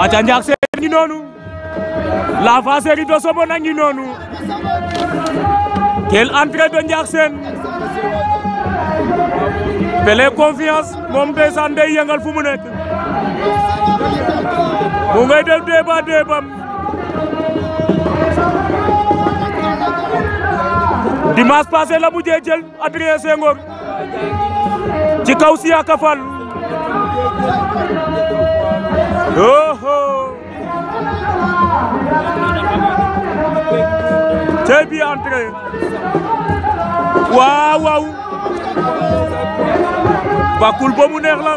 aca Ndiack Sène ngi la fa série de Sobone a ngi noonu quelle entrée de Ndiack Belle Confiance moom ndeysaan day yëngal fu mu mu ngay def débat débam passé la ci kaw cey bi entrée waaw waaw bakul mu neex la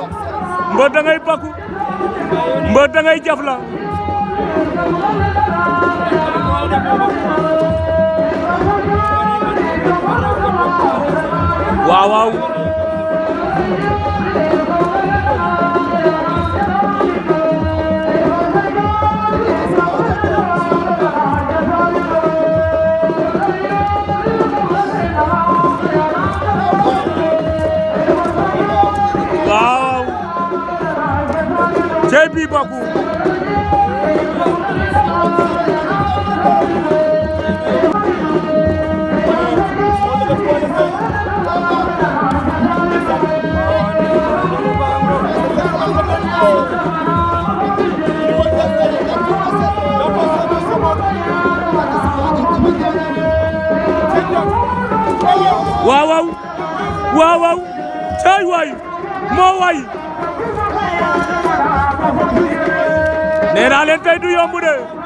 mbër da ngay mbër da jaf la waaw cey bi Baku waaw waaw waaw waaw cey waay moo way nee naa leen tey du de